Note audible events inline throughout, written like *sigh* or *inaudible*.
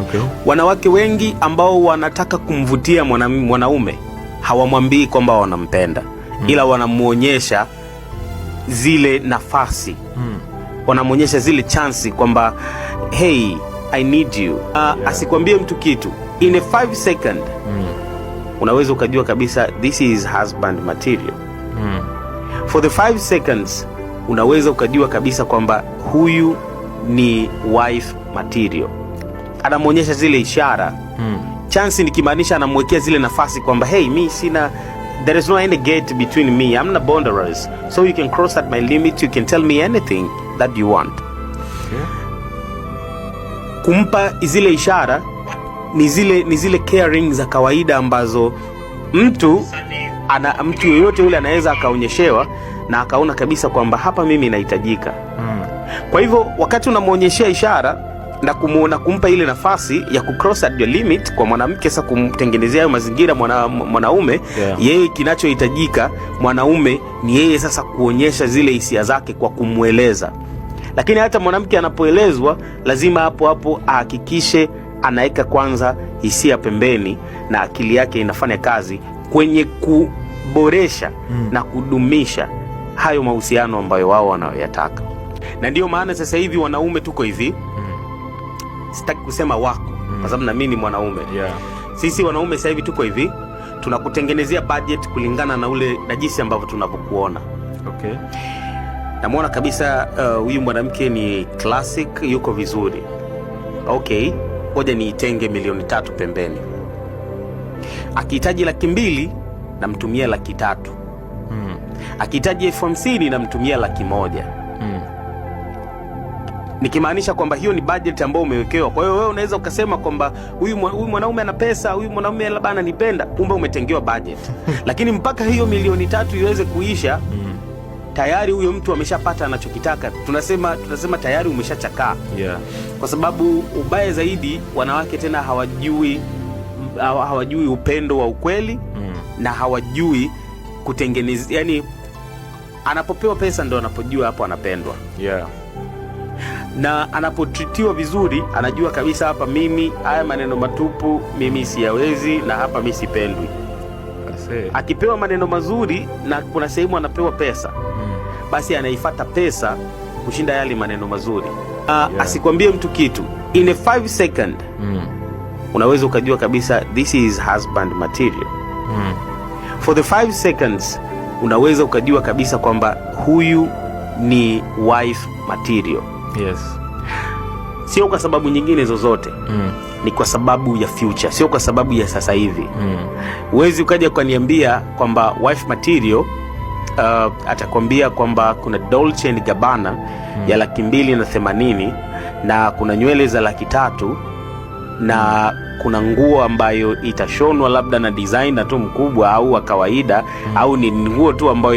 okay. Wanawake wengi ambao wanataka kumvutia mwanaume hawamwambii kwamba wanampenda mm. ila wanamwonyesha zile nafasi mm. wanamwonyesha zile chansi kwamba hey, I need you uh, yeah. Asikwambie mtu kitu in a five second mm. unaweza ukajua kabisa this is husband material mm. for the five seconds unaweza ukajua kabisa kwamba huyu ni wife material anamwonyesha zile ishara hmm. Chansi nikimaanisha anamwekea zile nafasi kwamba hey, mi sina there is no any gate between me I'm not so you can cross at my limit you can tell me anything that you want okay. Kumpa zile ishara ni zile ni zile caring za kawaida ambazo mtu ana, mtu yoyote yule anaweza akaonyeshewa na akaona kabisa kwamba hapa mimi nahitajika. mm. Kwa hivyo wakati unamwonyeshea ishara na kumuona kumpa ile nafasi ya kucross at your limit kwa mwanamke, sasa kumtengenezea hayo mazingira mwana, mwanaume yeah. Yeye kinachohitajika mwanaume ni yeye sasa kuonyesha zile hisia zake kwa kumweleza, lakini hata mwanamke anapoelezwa lazima hapo hapo ahakikishe anaweka kwanza hisia pembeni na akili yake inafanya kazi kwenye kuboresha mm. na kudumisha hayo mahusiano ambayo wao wanayoyataka, na ndiyo maana sasa hivi wanaume tuko hivi sitaki kusema wako mm. kwa sababu na mimi ni mwanaume yeah. Sisi wanaume sasa hivi tuko hivi, tunakutengenezea budget kulingana na ule na jinsi ambavyo tunavyokuona okay. Namwona kabisa uh, huyu uh, mwanamke ni classic, yuko vizuri okay, ngoja niitenge milioni tatu pembeni. Akihitaji laki mbili namtumia laki tatu mm. Akihitaji elfu hamsini namtumia laki moja nikimaanisha kwamba hiyo ni bajeti ambayo umewekewa. Kwa hiyo wewe unaweza ukasema kwamba huyu mwanaume ana pesa, huyu mwanaume labda ananipenda, kumbe umetengewa budget *laughs* lakini mpaka hiyo milioni tatu iweze kuisha mm. tayari huyo mtu ameshapata anachokitaka. Tunasema tunasema tayari umeshachakaa, yeah. Kwa sababu ubaya zaidi wanawake tena hawajui hawajui upendo wa ukweli mm. na hawajui kutengeneza, yani anapopewa pesa ndo anapojua hapo anapendwa, yeah na anapotritiwa vizuri anajua kabisa, hapa mimi, haya maneno matupu mimi siyawezi, na hapa mimi sipendwi. Akipewa maneno mazuri na kuna sehemu anapewa pesa mm, basi anaifata pesa kushinda yale maneno mazuri. Uh, yeah. Asikwambie mtu kitu in a 5 second mm, unaweza ukajua kabisa this is husband material mm. For the 5 seconds unaweza ukajua kabisa kwamba huyu ni wife material yes. Sio kwa sababu nyingine zozote mm. Ni kwa sababu ya future, sio kwa sababu ya sasa hivi. Mm. Huwezi mm. ukaja ukaniambia kwamba wife material uh, atakwambia kwamba kuna dolchen gabana mm. ya laki mbili na themanini na kuna nywele za laki tatu na kuna nguo ambayo itashonwa labda na designer tu mkubwa au wa kawaida mm. au ni nguo tu ambayo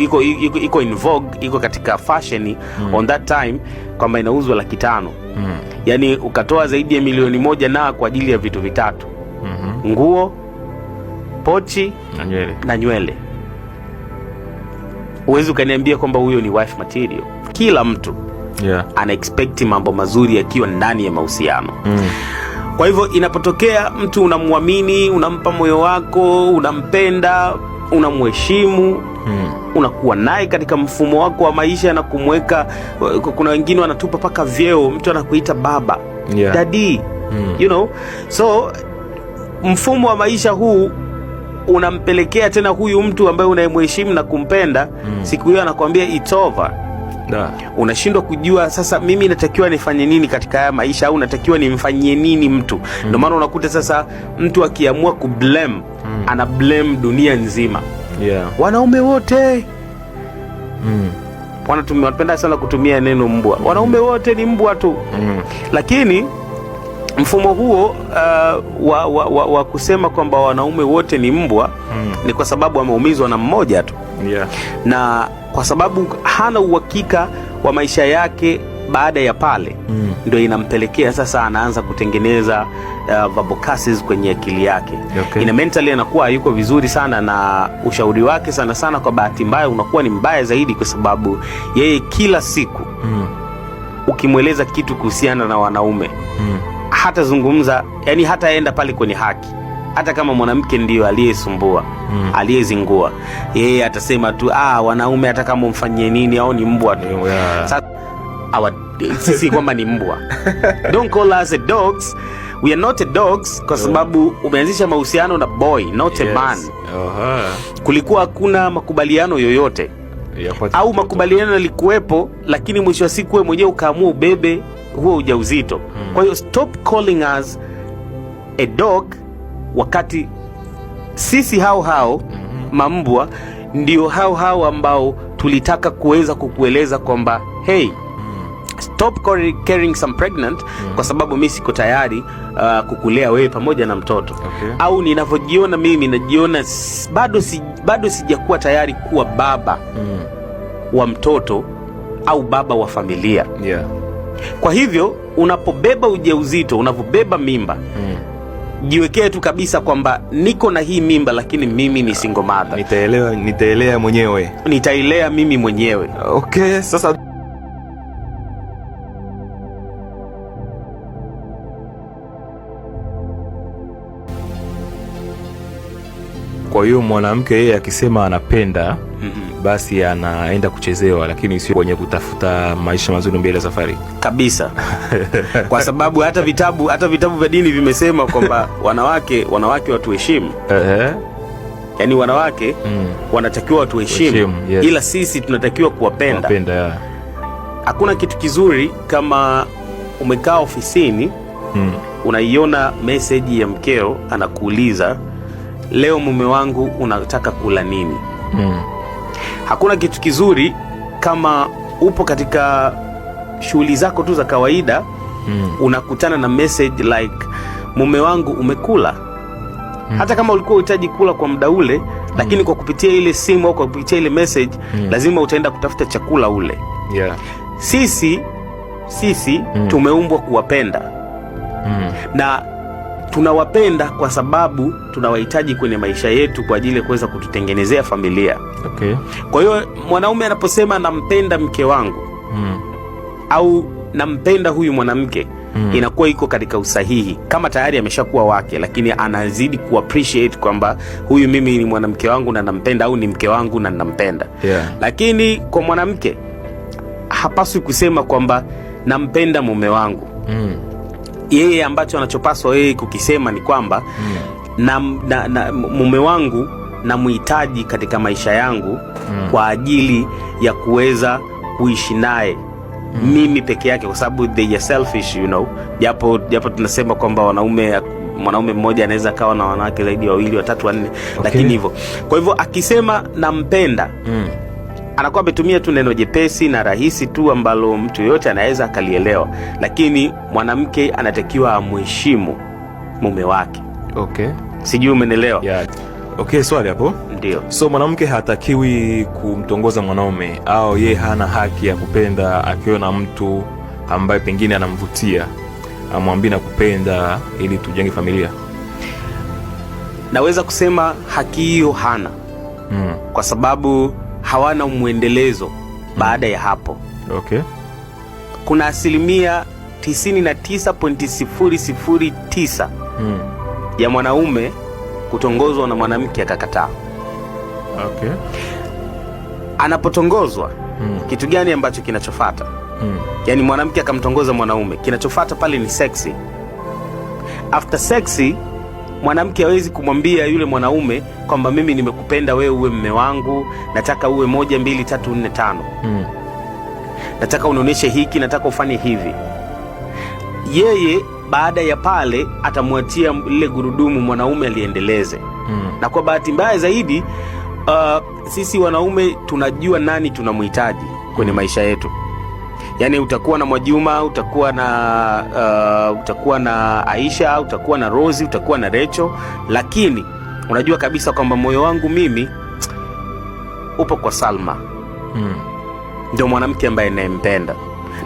iko iko in vogue iko katika fashion mm. on that time kwamba inauzwa laki tano mm. yani ukatoa zaidi ya milioni moja na kwa ajili ya vitu vitatu mm -hmm. nguo, pochi na nywele, na nywele. Huwezi ukaniambia kwamba huyo ni wife material. Kila mtu yeah. ana expect mambo mazuri yakiwa ndani ya mahusiano mm. Kwa hivyo inapotokea mtu unamwamini, unampa moyo wako, unampenda, unamheshimu hmm. unakuwa naye katika mfumo wako wa maisha na kumweka. Kuna wengine wanatupa mpaka vyeo, mtu anakuita baba yeah. dadi hmm. you know? so mfumo wa maisha huu unampelekea tena huyu mtu ambaye unayemheshimu na kumpenda mm. siku hiyo anakuambia it's over unashindwa kujua sasa mimi natakiwa nifanye nini katika haya maisha, au natakiwa nimfanyie nini mtu mm. Ndio maana unakuta sasa mtu akiamua kublm mm. ana blame dunia nzima yeah. Wanaume wote mm. wanapenda sana kutumia neno mbwa mm. wanaume wote ni mbwa tu mm. lakini mfumo huo uh, wa, wa, wa, wa kusema kwamba wanaume wote ni mbwa mm. ni kwa sababu ameumizwa na mmoja tu yeah. na kwa sababu hana uhakika wa maisha yake baada ya pale mm. Ndio inampelekea sasa anaanza kutengeneza uh, kwenye akili yake okay. Ina mentally anakuwa yuko vizuri sana, na ushauri wake sana sana kwa bahati mbaya unakuwa ni mbaya zaidi, kwa sababu yeye kila siku mm. ukimweleza kitu kuhusiana na wanaume mm. hatazungumza, yani hataenda pale kwenye haki hata kama mwanamke ndiyo aliyesumbua mm. aliyezingua, yeye atasema tu ah, wanaume hata kama umfanyie nini au ni mbwa tu yeah. Sasa sisi kwamba ni mbwa *laughs* don't call us a dogs we are not a dogs, kwa sababu umeanzisha mahusiano na boy not yes. a man uh -huh. Kulikuwa hakuna makubaliano yoyote au makubaliano yalikuwepo, lakini mwisho wa siku wewe mwenyewe ukaamua ubebe huo ujauzito. Hmm. Kwa hiyo stop calling us a dog wakati sisi hao hao mhm. mambwa ndio hao hao ambao tulitaka kuweza kukueleza kwamba hey, mhm. stop carrying some pregnant mm. kwa sababu mi siko tayari uh, kukulea wewe pamoja na mtoto okay. Au ninavyojiona mimi najiona bado, si, bado sijakuwa tayari kuwa baba mm. wa mtoto au baba wa familia yeah. Kwa hivyo unapobeba ujauzito, unavyobeba mimba mm jiwekee tu kabisa kwamba niko na hii mimba, lakini mimi ni single mother. Nitaelewa, nitaelea mwenyewe, nitailea mimi mwenyewe. Okay, sasa kwa hiyo mwanamke yeye akisema anapenda mm -hmm basi anaenda kuchezewa, lakini sio kwenye kutafuta maisha mazuri mbele ya safari kabisa. *laughs* Kwa sababu hata vitabu hata vitabu vya dini vimesema kwamba wanawake wanawake watuheshimu yaani wanawake mm. wanatakiwa watuheshimu yes. Ila sisi tunatakiwa kuwapenda. Hakuna kitu kizuri kama umekaa ofisini mm. unaiona meseji ya mkeo anakuuliza, leo mume wangu unataka kula nini? mm. Hakuna kitu kizuri kama upo katika shughuli zako tu za kawaida mm. unakutana na message like mume wangu umekula mm. hata kama ulikuwa uhitaji kula kwa muda ule lakini mm. kwa kupitia ile simu au kwa kupitia ile message mm. lazima utaenda kutafuta chakula ule. Yeah. Sisi sisi mm. tumeumbwa kuwapenda mm. na tunawapenda kwa sababu tunawahitaji kwenye maisha yetu kwa ajili ya kuweza kututengenezea familia okay. Kwa hiyo mwanaume anaposema nampenda mke wangu mm. au nampenda huyu mwanamke mm. inakuwa iko katika usahihi, kama tayari ameshakuwa wake, lakini anazidi ku appreciate kwamba huyu mimi ni mwanamke wangu na nampenda, au ni mke wangu na nampenda yeah. Lakini kwa mwanamke hapaswi kusema kwamba nampenda mume wangu mm yeye ambacho anachopaswa yeye kukisema ni kwamba mm. na, na, na mume wangu namhitaji katika maisha yangu mm. kwa ajili ya kuweza kuishi naye mm. mimi peke yake, kwa sababu they are selfish you know, japo japo tunasema kwamba wanaume mwanaume mmoja anaweza akawa na wanawake zaidi wawili watatu wanne, okay. lakini hivyo. Kwa hivyo akisema nampenda mm anakuwa ametumia tu neno jepesi na rahisi tu ambalo mtu yoyote anaweza akalielewa, lakini mwanamke anatakiwa amheshimu mume wake. Okay, sijui umenielewa? Yeah. Okay, swali hapo ndio. So mwanamke hatakiwi kumtongoza mwanaume au ye hana haki ya kupenda akiona mtu ambaye pengine anamvutia amwambie na kupenda ili tujenge familia? Naweza kusema haki hiyo hana mm, kwa sababu hawana mwendelezo baada ya hapo. Okay. Kuna asilimia 99.009 hmm, ya mwanaume kutongozwa na mwanamke akakataa. Okay. Anapotongozwa hmm, kitu gani ambacho kinachofata? Hmm. Yaani mwanamke akamtongoza mwanaume, kinachofata pale ni seksi. After seksi mwanamke hawezi kumwambia yule mwanaume kwamba mimi nimekupenda wewe, uwe mme wangu, nataka uwe moja, mbili, tatu, nne, tano mm. nataka unaonyeshe hiki, nataka ufanye hivi. Yeye baada ya pale atamwatia lile gurudumu mwanaume aliendeleze mm. na kwa bahati mbaya zaidi, uh, sisi wanaume tunajua nani tunamhitaji kwenye hmm. maisha yetu yani utakuwa na Mwajuma, utakuwa na uh, utakuwa na Aisha, utakuwa na rosi utakuwa na Recho, lakini unajua kabisa kwamba moyo wangu mimi upo kwa Salma mm. Ndio mwanamke ambaye nayempenda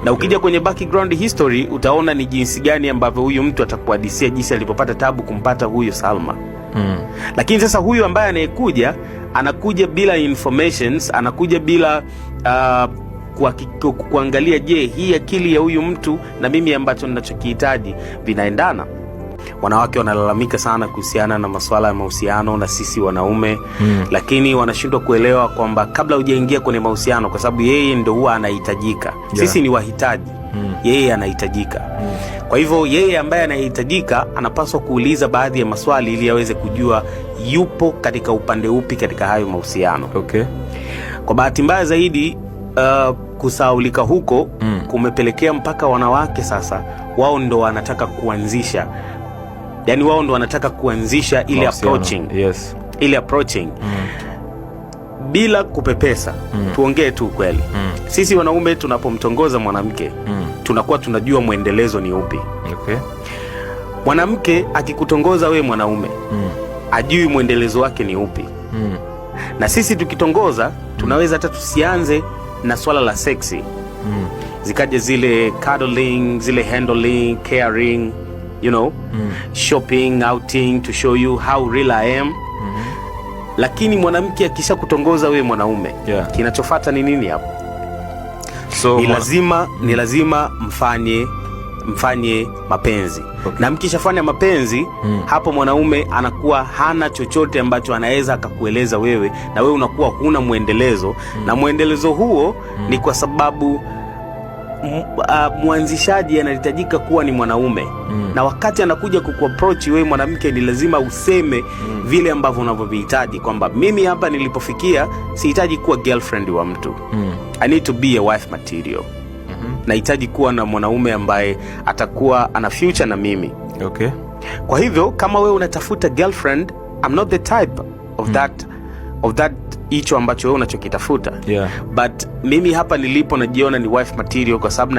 na ukija kwenye background history utaona ni jinsi gani ambavyo huyu mtu atakuadisia jinsi alivyopata tabu kumpata huyu Salma mm. Lakini sasa huyu ambaye anayekuja anakuja bila informations, anakuja bila uh, kwa kuangalia, je, hii akili ya huyu mtu na mimi ambacho ninachokihitaji vinaendana? Wanawake wanalalamika sana kuhusiana na masuala ya mahusiano na sisi wanaume mm. Lakini wanashindwa kuelewa kwamba kabla hujaingia kwenye mahusiano, kwa sababu yeye ndo huwa anahitajika yeah. Sisi ni wahitaji mm. Yeye anahitajika mm. Kwa hivyo yeye ambaye anahitajika anapaswa kuuliza baadhi ya maswali ili aweze kujua yupo katika upande upi katika hayo mahusiano okay. Kwa bahati mbaya zaidi uh, kusaulika huko mm. kumepelekea mpaka wanawake sasa wao ndo wanataka kuanzisha, yani wao ndo wanataka kuanzisha ile approaching, yes. ile approaching mm. bila kupepesa mm. tuongee tu kweli mm. sisi wanaume tunapomtongoza mwanamke mm. tunakuwa tunajua mwendelezo ni upi okay. mwanamke akikutongoza we mwanaume mm. ajui mwendelezo wake ni upi mm. na sisi tukitongoza mm. tunaweza hata tusianze na swala la seksi mm. Zikaja zile cuddling, zile handling, caring, you know mm. shopping, outing to show you how real I am mm -hmm. Lakini mwanamke akisha kutongoza wewe mwanaume yeah. kinachofata ni nini hapo? So, ni lazima, ni lazima mfanye mfanye mapenzi okay. Na mkishafanya mapenzi mm. Hapo mwanaume anakuwa hana chochote ambacho anaweza akakueleza wewe, na wewe unakuwa huna mwendelezo mm. Na mwendelezo huo mm. ni kwa sababu mwanzishaji anahitajika kuwa ni mwanaume mm. na wakati anakuja kukuapproach wewe mwanamke, ni lazima useme mm. vile ambavyo unavyovihitaji, kwamba mimi hapa nilipofikia sihitaji kuwa girlfriend wa mtu mm. I need to be a wife material -hmm. Nahitaji kuwa na mwanaume ambaye atakuwa ana future na mimi okay. Kwa hivyo kama wewe unatafuta girlfriend, I'm not the type of mm. that of that hicho ambacho wewe unachokitafuta yeah. But mimi hapa nilipo najiona ni wife material kwa sababu